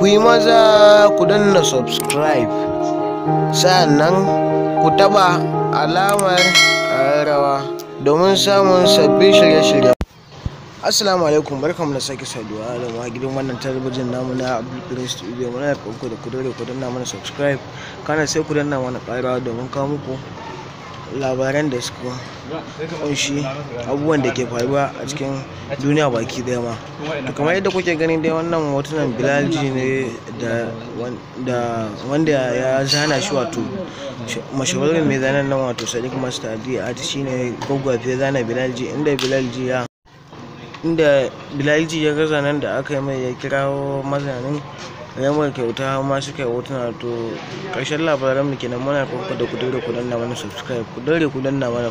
ku yi maza ku danna subscribe sannan ku taba alamar rawa domin samun sabbin shirye-shirye assalamu alaikum barkamu da sake saduwa da ma gidan wannan talabijin namu na abdulkirin studio muna da kanku da ku ku danna mana subscribe kana sai ku danna mana karawa domin kawo muku labaran da suka kunshi abubuwan da ke faruwa a cikin duniya baki daya ma to kamar yadda kuke ganin dai wannan hotunan bilalji ne da wanda ya zana shi wato mashawarar mai zanen nan wato sadiq master adi art shine gwaggwafe zana bilalji inda bilalji ya inda bilalji ya gaza nan da aka yi mai ya kirawo mazanin ramar kyauta har ma suka yi hotuna to ƙarshen labaran mu kenan muna kanku da ku dole ku danna mana subscribe ku dole ku danna mana